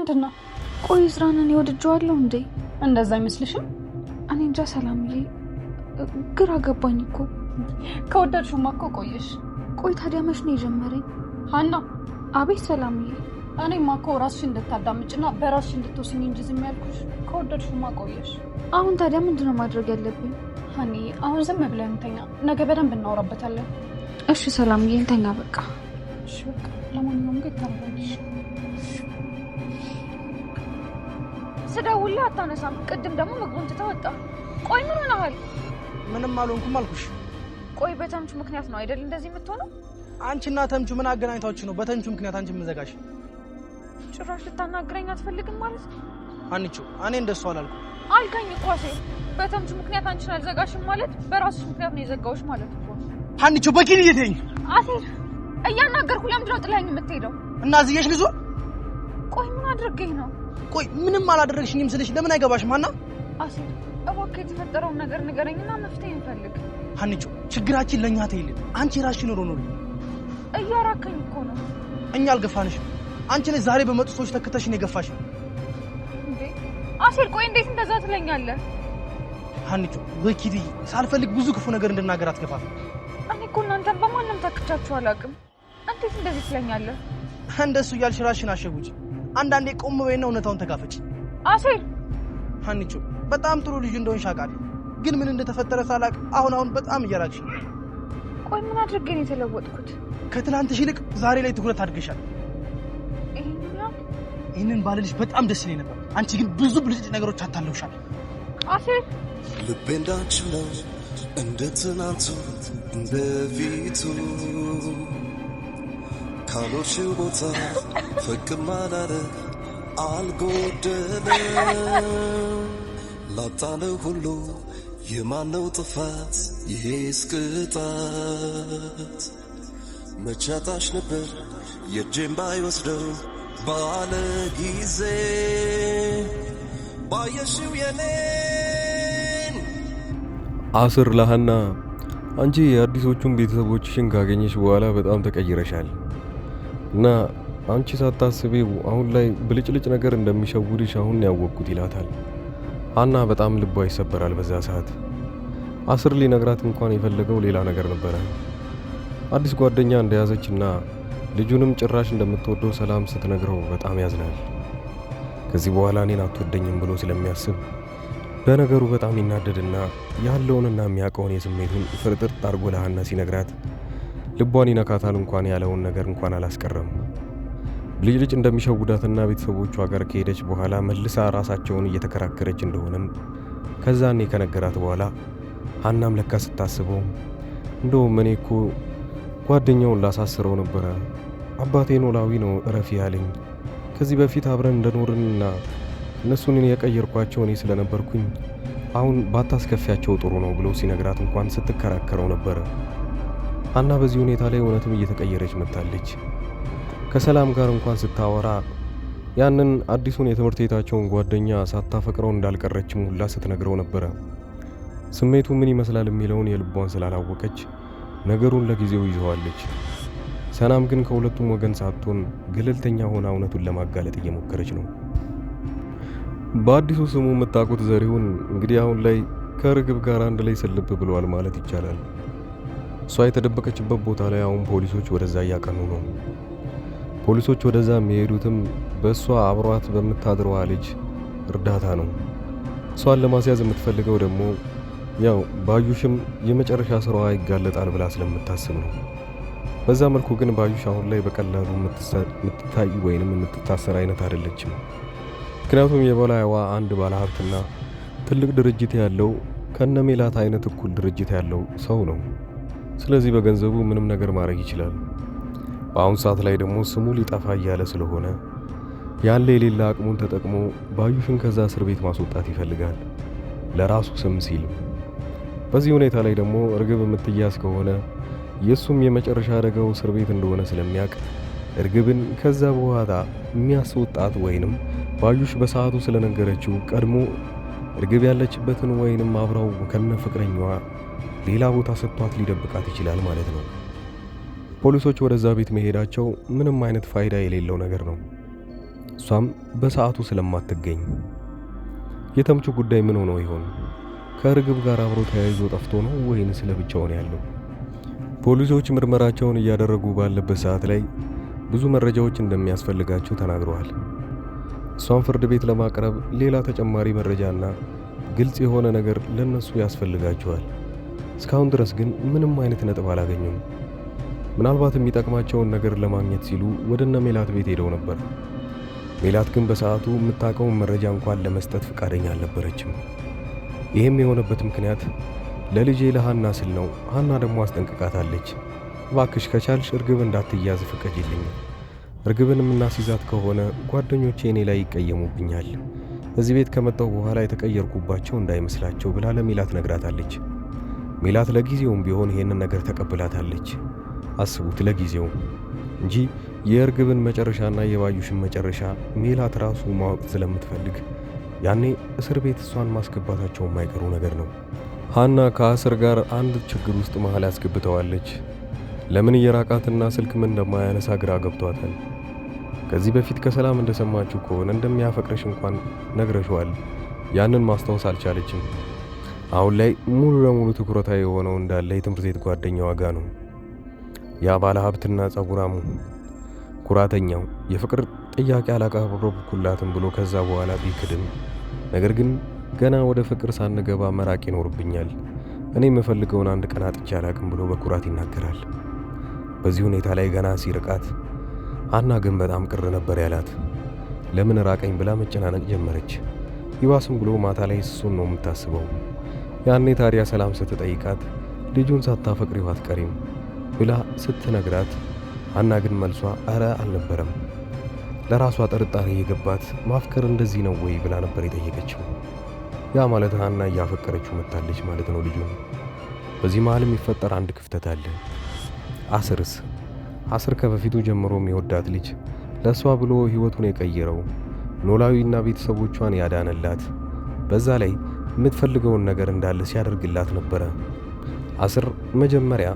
ምንድን ነው? ቆይ ስራን እኔ ወድጄዋለሁ እንዴ? እንደዛ አይመስልሽም? እኔ እንጃ ሰላምዬ፣ ግራ ገባኝ እኮ። ከወደድሽማ እኮ ቆየሽ። ቆይ ታዲያ መች ነው የጀመረኝ? ሀና። አቤት ሰላምዬ። እኔማ እኮ ራስሽ እንድታዳምጭና በራስሽ እንድትወስኝ እንጂ ዝም ያልኩሽ። ከወደድሽማ ቆየሽ። አሁን ታዲያ ምንድን ነው ማድረግ ያለብኝ? ሀኒ፣ አሁን ዝም ብለን እንተኛ፣ ነገ በደንብ እናወራበታለን። እሺ ሰላምዬ፣ እንተኛ በቃ። እሺ በቃ። ለማንኛውም ግን ታረጋለሽ ስደውልህ አታነሳም። ቅድም ደግሞ ምግቡን ትተህ ቆይ ምን ሆነሃል? ምንም አልሆንኩም አልኩሽ። ቆይ በተምቹ ምክንያት ነው አይደል እንደዚህ የምትሆነው? አንቺና ተምቹ ምን አገናኝታችሁ ነው በተምቹ ምክንያት አንቺ የምዘጋሽ? ጭራሽ ልታናግረኝ አትፈልግም ማለት ነው? አንቺ እኔ እንደሱ አላልኩ አልከኝ እኮ ሴ በተምቹ ምክንያት አንቺን አልዘጋሽም ማለት በራሱ ምክንያት ነው የዘጋሁሽ ማለት እኮ። አንቺ በኪን እየተኝ አሴ እያናገርኩ ለምንድን ነው ጥለኸኝ የምትሄደው? እና ዝየሽ ልዙ ቆይ ምን አድርገኝ ነው ቆይ ምንም አላደረግሽኝም ስልሽ ለምን አይገባሽም? ሀና አሴር እባክህ የተፈጠረውን ነገር ንገረኝና መፍትሄ እንፈልግ። ሀንቾ ችግራችን ለእኛ ተይልን፣ አንቺ ራሽ ኑሮ ኑሪ። እያራከኝ እኮ ነው። እኛ አልገፋንሽም። አንቺ ነሽ ዛሬ በመጡ ሰዎች ተክተሽን የገፋሽን። አሴር ቆይ እንዴት እንደዛ ትለኛለህ? ሀንቾ በኪድዬ ሳልፈልግ ብዙ ክፉ ነገር እንድናገር አትገፋፍ። እኔ እኮ እናንተን በማንም ተክቻችሁ አላውቅም። እንዴት እንደዚህ ትለኛለህ? እንደሱ እያልሽ ራስሽን አሸጉጭ አንዳንዴ ቆም በይና እውነታውን ተጋፈጭ። አሴር ሀኒቾ በጣም ጥሩ ልጅ እንደሆንሽ ሻቃል፣ ግን ምን እንደተፈጠረ ሳላቅ አሁን አሁን በጣም እየራቅሽ። ቆይ ምን አድርጌ ነው የተለወጥኩት? ከትናንትሽ ይልቅ ዛሬ ላይ ትኩረት አድርገሻል። ይህንን ባልልሽ በጣም ደስ ይለኝ ነበር። አንቺ ግን ብዙ ብልጭ ነገሮች አታለውሻል። አሴር ልቤ እንዳንቺ ነው እንደ ትናንቱ እንደ ፊቱ ካሎሽው ቦታ ፍቅም አላለ አልጎደለ ላጣነው ሁሉ የማነው ጥፋት? ይሄስ ቅጣት መቻጣሽ ነበር የእጄን ባይወስደው ባለ ጊዜ ባየሽው የኔን አስር ለሃና አንቺ የአዲሶቹን ቤተሰቦችሽን ካገኘሽ በኋላ በጣም ተቀይረሻል። እና አንቺ ሳታስቢው አሁን ላይ ብልጭልጭ ነገር እንደሚሸውድሽ አሁን ያወቅኩት ይላታል። ሀና በጣም ልቧ ይሰበራል። በዛ ሰዓት አስር ሊነግራት እንኳን የፈለገው ሌላ ነገር ነበረ። አዲስ ጓደኛ እንደያዘችና ልጁንም ጭራሽ እንደምትወደው ሰላም ስትነግረው በጣም ያዝናል። ከዚህ በኋላ እኔን አትወደኝም ብሎ ስለሚያስብ በነገሩ በጣም ይናደድና ያለውንና የሚያውቀውን የስሜቱን ፍርጥርጥ አርጎ ለሀና ሲነግራት ልቧን ይነካታል እንኳን ያለውን ነገር እንኳን አላስቀረም። ልጅ ልጅ እንደሚሸውዳትና ቤተሰቦቿ ጋር ከሄደች በኋላ መልሳ ራሳቸውን እየተከራከረች እንደሆነም ከዛኔ ከነገራት በኋላ ሀናም ለካ ስታስበው እንደውም እኔ እኮ ጓደኛውን ላሳስረው ነበረ። አባቴ ኖላዊ ነው እረፊ ያለኝ። ከዚህ በፊት አብረን እንደኖርንና እነሱን የቀየርኳቸው እኔ ስለነበርኩኝ አሁን ባታስከፊያቸው ጥሩ ነው ብሎ ሲነግራት እንኳን ስትከራከረው ነበረ። ሀና በዚህ ሁኔታ ላይ እውነትም እየተቀየረች መጥታለች። ከሰላም ጋር እንኳን ስታወራ ያንን አዲሱን የትምህርት ቤታቸውን ጓደኛ ሳታፈቅረው እንዳልቀረችም ሁላ ስትነግረው ነበረ። ስሜቱ ምን ይመስላል የሚለውን የልቧን ስላላወቀች ነገሩን ለጊዜው ይዘዋለች። ሰላም ግን ከሁለቱም ወገን ሳትሆን ገለልተኛ ሆና እውነቱን ለማጋለጥ እየሞከረች ነው። በአዲሱ ስሙ የምታውቁት ዘሪሁን እንግዲህ አሁን ላይ ከርግብ ጋር አንድ ላይ ስልብ ብለዋል ማለት ይቻላል። እሷ የተደበቀችበት ቦታ ላይ አሁን ፖሊሶች ወደዛ እያቀኑ ነው። ፖሊሶች ወደዛ የሚሄዱትም በእሷ አብሯት በምታድረዋ ልጅ እርዳታ ነው። እሷን ለማስያዝ የምትፈልገው ደግሞ ያው ባዩሽም የመጨረሻ ስራዋ ይጋለጣል ብላ ስለምታስብ ነው። በዛ መልኩ ግን ባዩሽ አሁን ላይ በቀላሉ የምትታይ ወይንም የምትታሰር አይነት አይደለችም። ምክንያቱም የበላይዋ አንድ ባለሀብትና ትልቅ ድርጅት ያለው ከነ ሜላት አይነት እኩል ድርጅት ያለው ሰው ነው። ስለዚህ በገንዘቡ ምንም ነገር ማድረግ ይችላል። በአሁን ሰዓት ላይ ደግሞ ስሙ ሊጠፋ እያለ ስለሆነ ያለ የሌላ አቅሙን ተጠቅሞ ባዩሽን ከዛ እስር ቤት ማስወጣት ይፈልጋል ለራሱ ስም ሲል። በዚህ ሁኔታ ላይ ደግሞ እርግብ የምትያዝ ከሆነ የእሱም የመጨረሻ አደጋው እስር ቤት እንደሆነ ስለሚያውቅ እርግብን ከዛ በኋላ የሚያስወጣት ወይንም ባዩሽ በሰዓቱ ስለነገረችው ቀድሞ እርግብ ያለችበትን ወይንም አብረው ከነ ፍቅረኛዋ ሌላ ቦታ ሰጥቷት ሊደብቃት ይችላል ማለት ነው። ፖሊሶች ወደዛ ቤት መሄዳቸው ምንም አይነት ፋይዳ የሌለው ነገር ነው። እሷም በሰዓቱ ስለማትገኝ የተምቹ ጉዳይ ምን ሆኖ ይሆን? ከእርግብ ጋር አብሮ ተያይዞ ጠፍቶ ነው ወይን ለብቻው ነው ያለው? ፖሊሶች ምርመራቸውን እያደረጉ ባለበት ሰዓት ላይ ብዙ መረጃዎች እንደሚያስፈልጋቸው ተናግረዋል። እሷን ፍርድ ቤት ለማቅረብ ሌላ ተጨማሪ መረጃና ግልጽ የሆነ ነገር ለነሱ ያስፈልጋቸዋል። እስካሁን ድረስ ግን ምንም አይነት ነጥብ አላገኙም። ምናልባት የሚጠቅማቸውን ነገር ለማግኘት ሲሉ ወደ እነ ሜላት ቤት ሄደው ነበር። ሜላት ግን በሰዓቱ የምታውቀውን መረጃ እንኳን ለመስጠት ፈቃደኛ አልነበረችም። ይህም የሆነበት ምክንያት ለልጄ ለሃና ስል ነው። ሃና ደግሞ አስጠንቅቃታለች። እባክሽ ከቻልሽ እርግብ እንዳትያዝ ፍቀጅልኝ እርግብንም የምናስይዛት ከሆነ ጓደኞቼ እኔ ላይ ይቀየሙብኛል። እዚህ ቤት ከመጣው በኋላ የተቀየርኩባቸው እንዳይመስላቸው ብላ ለሚላት ነግራታለች። ሚላት ለጊዜውም ቢሆን ይህንን ነገር ተቀብላታለች። አስቡት፣ ለጊዜው እንጂ የእርግብን መጨረሻና የባዩሽን መጨረሻ ሚላት ራሱ ማወቅ ስለምትፈልግ ያኔ እስር ቤት እሷን ማስገባታቸው የማይቀሩ ነገር ነው። ሃና ከአስር ጋር አንድ ችግር ውስጥ መሃል ያስገብተዋለች። ለምን እየራቃትና ስልክም እንደማያነሳ ግራ ገብቷታል። ከዚህ በፊት ከሰላም እንደሰማችሁ ከሆነ እንደሚያፈቅረሽ እንኳን ነግረሽዋል። ያንን ማስታወስ አልቻለችም። አሁን ላይ ሙሉ ለሙሉ ትኩረታ የሆነው እንዳለ የትምህርት ቤት ጓደኛዋ ጋ ነው። ያ ባለ ሀብትና ጸጉራሙ ኩራተኛው የፍቅር ጥያቄ አላቀረብኩላትም ብሎ ከዛ በኋላ ቢክድም፣ ነገር ግን ገና ወደ ፍቅር ሳንገባ መራቅ ይኖርብኛል እኔ የምፈልገውን አንድ ቀን አጥቼ አላቅም ብሎ በኩራት ይናገራል። በዚህ ሁኔታ ላይ ገና ሲርቃት አና ግን በጣም ቅር ነበር ያላት። ለምን ራቀኝ ብላ መጨናነቅ ጀመረች። ይባስም ብሎ ማታ ላይ እሱን ነው የምታስበው። ያኔ ታዲያ ሰላም ስትጠይቃት ልጁን ሳታፈቅሪው አትቀሪም ብላ ስትነግራት አና ግን መልሷ አረ አልነበረም። ለራሷ ጥርጣሬ የገባት ማፍቀር እንደዚህ ነው ወይ ብላ ነበር የጠየቀችው። ያ ማለት አና እያፈቀረችው መታለች ማለት ነው ልጁን። በዚህ መሀል የሚፈጠር አንድ ክፍተት አለ። አስርስ አስር ከበፊቱ ጀምሮ የሚወዳት ልጅ ለእሷ ብሎ ሕይወቱን የቀየረው ኖላዊና ቤተሰቦቿን ያዳነላት በዛ ላይ የምትፈልገውን ነገር እንዳለ ሲያደርግላት ነበረ። አስር መጀመሪያ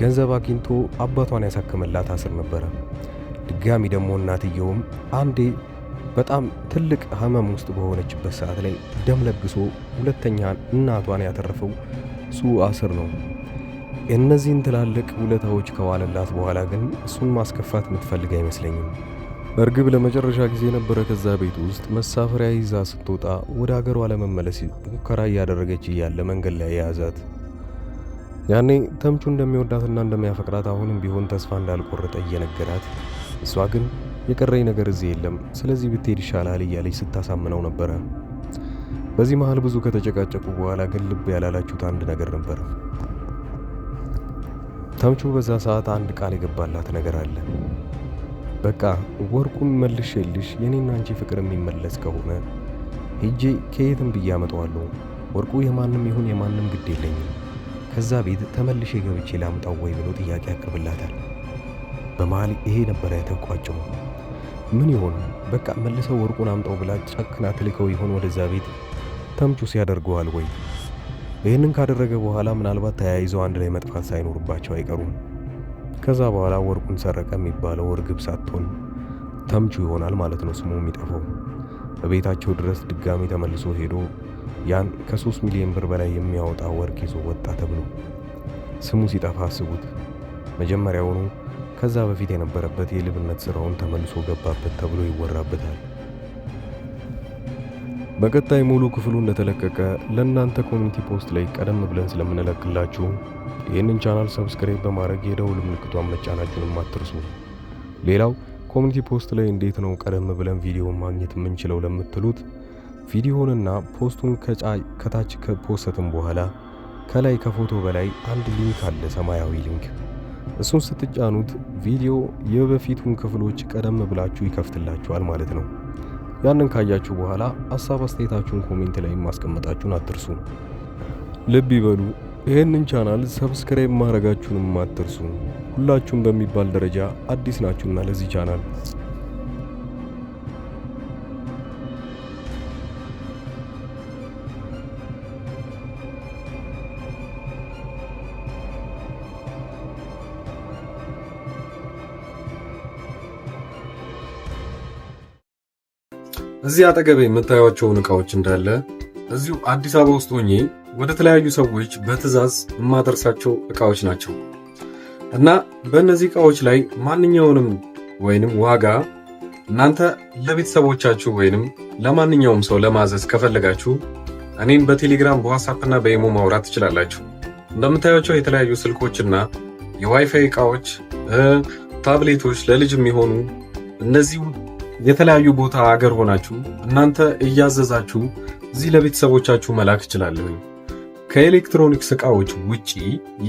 ገንዘብ አግኝቶ አባቷን ያሳከመላት አስር ነበረ። ድጋሚ ደግሞ እናትየውም አንዴ በጣም ትልቅ ህመም ውስጥ በሆነችበት ሰዓት ላይ ደም ለግሶ ሁለተኛ እናቷን ያተረፈው እሱ አስር ነው። እነዚህን ትላልቅ ውለታዎች ከዋለላት በኋላ ግን እሱን ማስከፋት የምትፈልግ አይመስለኝም። በእርግብ ለመጨረሻ ጊዜ የነበረ ከዛ ቤት ውስጥ መሳፈሪያ ይዛ ስትወጣ ወደ አገሯ ለመመለስ ሙከራ እያደረገች እያለ መንገድ ላይ የያዛት። ያኔ ተምቹ እንደሚወዳትና እንደሚያፈቅራት አሁንም ቢሆን ተስፋ እንዳልቆረጠ እየነገራት፣ እሷ ግን የቀረኝ ነገር እዚህ የለም፣ ስለዚህ ብትሄድ ይሻላል እያለች ስታሳምነው ነበረ። በዚህ መሃል ብዙ ከተጨቃጨቁ በኋላ ግን ልብ ያላላችሁት አንድ ነገር ነበር። ተምቹ በዛ ሰዓት አንድ ቃል የገባላት ነገር አለ። በቃ ወርቁን መልሼልሽ የኔና አንቺ ፍቅር የሚመለስ ከሆነ ሄጄ ከየትም ብዬ አመጣዋለሁ። ወርቁ የማንም ይሁን የማንም ግድ የለኝም። ከዛ ቤት ተመልሼ ገብቼ ላምጣው ወይ ብሎ ጥያቄ ያቀርብላታል። በመሃል ይሄ ነበር ያተቋጨው። ምን ይሆን በቃ መልሰው ወርቁን አምጣው ብላ ጨክና ትልከው ይሆን ወደዛ ቤት? ተምቹስ ያደርገዋል ወይ? ይህንን ካደረገ በኋላ ምናልባት ተያይዘው አንድ ላይ መጥፋት ሳይኖርባቸው አይቀሩም። ከዛ በኋላ ወርቁን ሰረቀ የሚባለው እርግብ ሳትሆን ተምቹ ይሆናል ማለት ነው ስሙ የሚጠፋው። በቤታቸው ድረስ ድጋሚ ተመልሶ ሄዶ ያን ከሶስት ሚሊዮን ብር በላይ የሚያወጣ ወርቅ ይዞ ወጣ ተብሎ ስሙ ሲጠፋ አስቡት። መጀመሪያውኑ ከዛ በፊት የነበረበት የልብነት ስራውን ተመልሶ ገባበት ተብሎ ይወራበታል። በቀጣይ ሙሉ ክፍሉ እንደተለቀቀ ለእናንተ ኮሚኒቲ ፖስት ላይ ቀደም ብለን ስለምንለክላችሁ ይህንን ቻናል ሰብስክራይብ በማድረግ የደውል ምልክቷን መጫናችሁን አትርሱ። ሌላው ኮሚኒቲ ፖስት ላይ እንዴት ነው ቀደም ብለን ቪዲዮ ማግኘት የምንችለው ለምትሉት ቪዲዮንና ፖስቱን ከታች ከፖስተትም በኋላ ከላይ ከፎቶ በላይ አንድ ሊንክ አለ፣ ሰማያዊ ሊንክ። እሱን ስትጫኑት ቪዲዮ የበፊቱን ክፍሎች ቀደም ብላችሁ ይከፍትላችኋል ማለት ነው። ያንን ካያችሁ በኋላ ሀሳብ አስተያየታችሁን ኮሜንት ላይ ማስቀመጣችሁን አትርሱ። ልብ ይበሉ፣ ይህንን ቻናል ሰብስክራይብ ማድረጋችሁንም አትርሱ። ሁላችሁም በሚባል ደረጃ አዲስ ናችሁና ለዚህ ቻናል እዚህ አጠገቤ የምታዩቸውን እቃዎች እንዳለ እዚሁ አዲስ አበባ ውስጥ ሆኜ ወደ ተለያዩ ሰዎች በትዕዛዝ የማደርሳቸው እቃዎች ናቸው እና በእነዚህ እቃዎች ላይ ማንኛውንም ወይንም ዋጋ እናንተ ለቤተሰቦቻችሁ ወይንም ለማንኛውም ሰው ለማዘዝ ከፈለጋችሁ እኔም በቴሌግራም በዋትሳፕ እና በኢሞ ማውራት ትችላላችሁ። እንደምታዩቸው የተለያዩ ስልኮችና የዋይፋይ እቃዎች፣ ታብሌቶች ለልጅ የሚሆኑ እነዚህ የተለያዩ ቦታ አገር ሆናችሁ እናንተ እያዘዛችሁ እዚህ ለቤተሰቦቻችሁ መላክ እችላለሁኝ። ከኤሌክትሮኒክስ እቃዎች ውጪ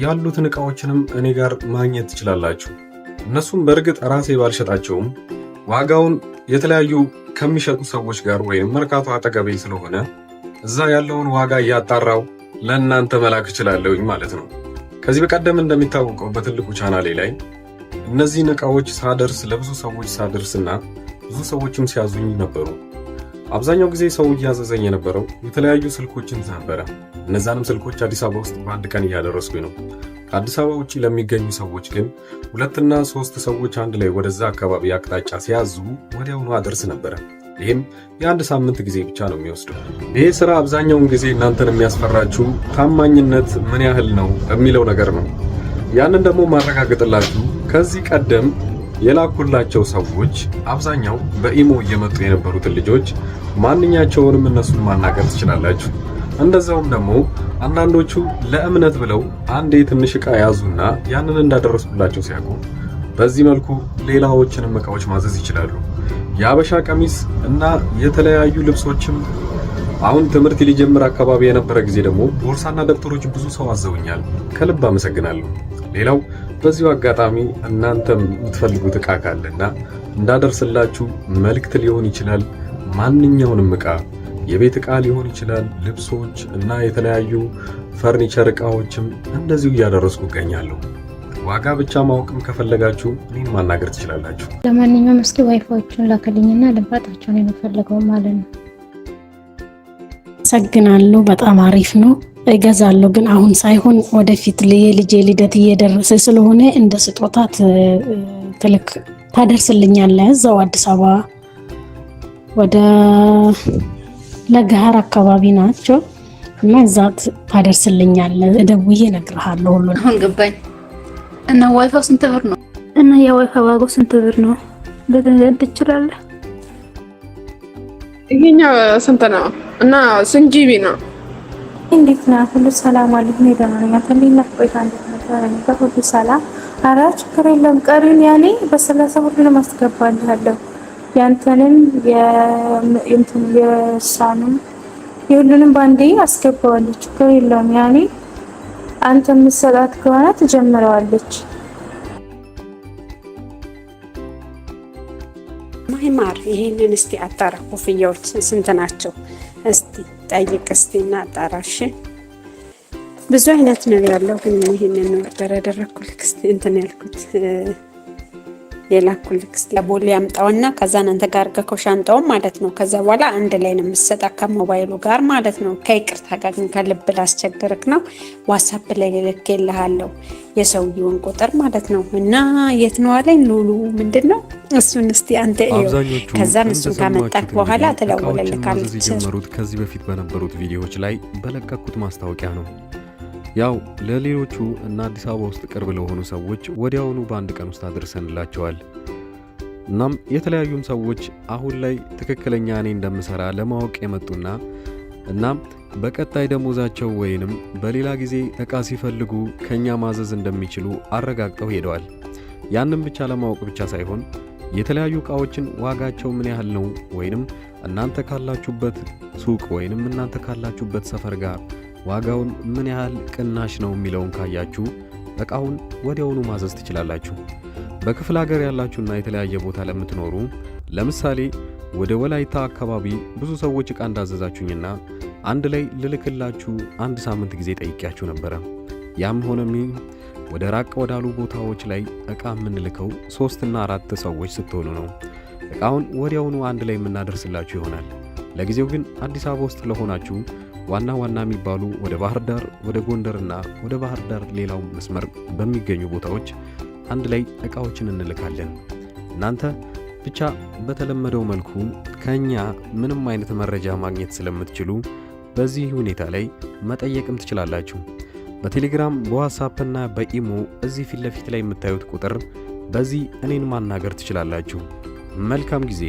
ያሉትን እቃዎችንም እኔ ጋር ማግኘት ትችላላችሁ። እነሱም በእርግጥ ራሴ ባልሸጣቸውም ዋጋውን የተለያዩ ከሚሸጡ ሰዎች ጋር ወይም መርካቶ አጠገቤ ስለሆነ እዛ ያለውን ዋጋ እያጣራው ለእናንተ መላክ እችላለሁኝ ማለት ነው። ከዚህ በቀደም እንደሚታወቀው በትልቁ ቻናሌ ላይ እነዚህን እቃዎች ሳደርስ ለብዙ ሰዎች ሳደርስና ብዙ ሰዎችም ሲያዙኝ ነበሩ። አብዛኛው ጊዜ ሰው እያዘዘኝ የነበረው የተለያዩ ስልኮችን ነበረ። እነዛንም ስልኮች አዲስ አበባ ውስጥ በአንድ ቀን እያደረስኩኝ ነው። ከአዲስ አበባ ውጭ ለሚገኙ ሰዎች ግን ሁለትና ሶስት ሰዎች አንድ ላይ ወደዛ አካባቢ አቅጣጫ ሲያዙ ወዲያውኑ አደርስ ነበረ። ይህም የአንድ ሳምንት ጊዜ ብቻ ነው የሚወስደው። ይህ ስራ አብዛኛውን ጊዜ እናንተን የሚያስፈራችሁ ታማኝነት ምን ያህል ነው የሚለው ነገር ነው። ያንን ደግሞ ማረጋገጥላችሁ ከዚህ ቀደም የላኩላቸው ሰዎች አብዛኛው በኢሞ እየመጡ የነበሩትን ልጆች ማንኛቸውንም እነሱን ማናገር ትችላላችሁ። እንደዛውም ደግሞ አንዳንዶቹ ለእምነት ብለው አንዴ ትንሽ እቃ ያዙና ያንን እንዳደረስኩላቸው ሲያውቁ በዚህ መልኩ ሌላዎችንም እቃዎች ማዘዝ ይችላሉ። የአበሻ ቀሚስ እና የተለያዩ ልብሶችም አሁን ትምህርት ሊጀምር አካባቢ የነበረ ጊዜ ደግሞ ቦርሳና ደብተሮች ብዙ ሰው አዘውኛል። ከልብ አመሰግናለሁ። ሌላው በዚሁ አጋጣሚ እናንተ የምትፈልጉት እቃ ካለና እንዳደርስላችሁ መልእክት ሊሆን ይችላል። ማንኛውንም ዕቃ የቤት ዕቃ ሊሆን ይችላል፣ ልብሶች እና የተለያዩ ፈርኒቸር ዕቃዎችም እንደዚሁ እያደረስኩ እገኛለሁ። ዋጋ ብቻ ማወቅም ከፈለጋችሁ እኔን ማናገር ትችላላችሁ። ለማንኛውም እስኪ ዋይፋዎቹን ላከልኝና ልምረጣቸውን የምፈልገው ማለት ነው። አመሰግናለሁ። በጣም አሪፍ ነው። እገዛለሁ ግን አሁን ሳይሆን ወደፊት የልጄ ልደት እየደረሰ ስለሆነ እንደ ስጦታ ትልክ ታደርስልኛለህ። እዛው አዲስ አበባ ወደ ለገሃር አካባቢ ናቸው እና እዛ ታደርስልኛለህ። እደውዬ እነግርሃለሁ። ሁሉ አሁን ገባኝ። እና ዋይፋው ስንት ብር ነው? እና የዋይፋ ዋጋው ስንት ብር ነው? ትችላለህ? ይሄኛው ስንት ነው? እና ስንጂቢ ነው። እንዴት ነው? ሁሉ ሰላም አለኝ። ደህና ነኝ። አፈሚና ቆይታ እንዴት ነው? ሁሉ ሰላም። ኧረ ችግር የለውም። ቀሪውን ያኔ በሰላሳ ሁሉንም አስገባልሃለሁ። ያንተንም የእንትን የሳንም የሁሉንም ባንዴ አስገባዋለች። ችግር የለውም። ያኔ አንተ የምትሰጣት ከሆነ ትጀምረዋለች። ማር ይህንን እስቲ አጣራ። ኮፍያዎች ስንት ናቸው? እስቲ ጠይቅ እስቲ እና አጣራሽ። ብዙ አይነት ነው ያለው፣ ግን ይህንን ነው ደረደረኩልክ እንትን ያልኩት የላኩልክ እስኪ ቦሌ ያምጣውና ከዛ አንተ ጋር አድርገህ ሻንጣው ማለት ነው። ከዛ በኋላ አንድ ላይ ነው የምትሰጣ ከሞባይሉ ጋር ማለት ነው። ከይቅርታ ጋር ግን ከልብ ላስቸግርክ ነው ዋትሳፕ ላይ ልልክልሃለሁ የሰውየውን ቁጥር ማለት ነው። እና የት ነው አለኝ ሉሉ ምንድን ነው እሱን እስቲ አንተ ከዛን እሱን ካመጣክ በኋላ ትደውልልካለች። የጀመሩት ከዚህ በፊት በነበሩት ቪዲዮዎች ላይ በለቀኩት ማስታወቂያ ነው። ያው ለሌሎቹ እና አዲስ አበባ ውስጥ ቅርብ ለሆኑ ሰዎች ወዲያውኑ በአንድ ቀን ውስጥ አድርሰንላቸዋል። እናም የተለያዩም ሰዎች አሁን ላይ ትክክለኛ እኔ እንደምሰራ ለማወቅ የመጡና እናም በቀጣይ ደሞዛቸው ወይንም በሌላ ጊዜ ዕቃ ሲፈልጉ ከእኛ ማዘዝ እንደሚችሉ አረጋግጠው ሄደዋል። ያንም ብቻ ለማወቅ ብቻ ሳይሆን የተለያዩ ዕቃዎችን ዋጋቸው ምን ያህል ነው ወይንም እናንተ ካላችሁበት ሱቅ ወይንም እናንተ ካላችሁበት ሰፈር ጋር ዋጋውን ምን ያህል ቅናሽ ነው የሚለውን ካያችሁ እቃውን ወዲያውኑ ማዘዝ ትችላላችሁ። በክፍለ ሀገር ያላችሁና የተለያየ ቦታ ለምትኖሩ ለምሳሌ ወደ ወላይታ አካባቢ ብዙ ሰዎች ዕቃ እንዳዘዛችሁኝና አንድ ላይ ልልክላችሁ አንድ ሳምንት ጊዜ ጠይቄያችሁ ነበረ። ያም ሆነም ወደ ራቅ ወዳሉ ቦታዎች ላይ ዕቃ የምንልከው ሦስትና አራት ሰዎች ስትሆኑ ነው። ዕቃውን ወዲያውኑ አንድ ላይ የምናደርስላችሁ ይሆናል። ለጊዜው ግን አዲስ አበባ ውስጥ ለሆናችሁ ዋና ዋና የሚባሉ ወደ ባህር ዳር፣ ወደ ጎንደርና ወደ ባህር ዳር ሌላው መስመር በሚገኙ ቦታዎች አንድ ላይ እቃዎችን እንልካለን። እናንተ ብቻ በተለመደው መልኩ ከእኛ ምንም አይነት መረጃ ማግኘት ስለምትችሉ በዚህ ሁኔታ ላይ መጠየቅም ትችላላችሁ። በቴሌግራም በዋትሳፕና በኢሞ እዚህ ፊት ለፊት ላይ የምታዩት ቁጥር በዚህ እኔን ማናገር ትችላላችሁ። መልካም ጊዜ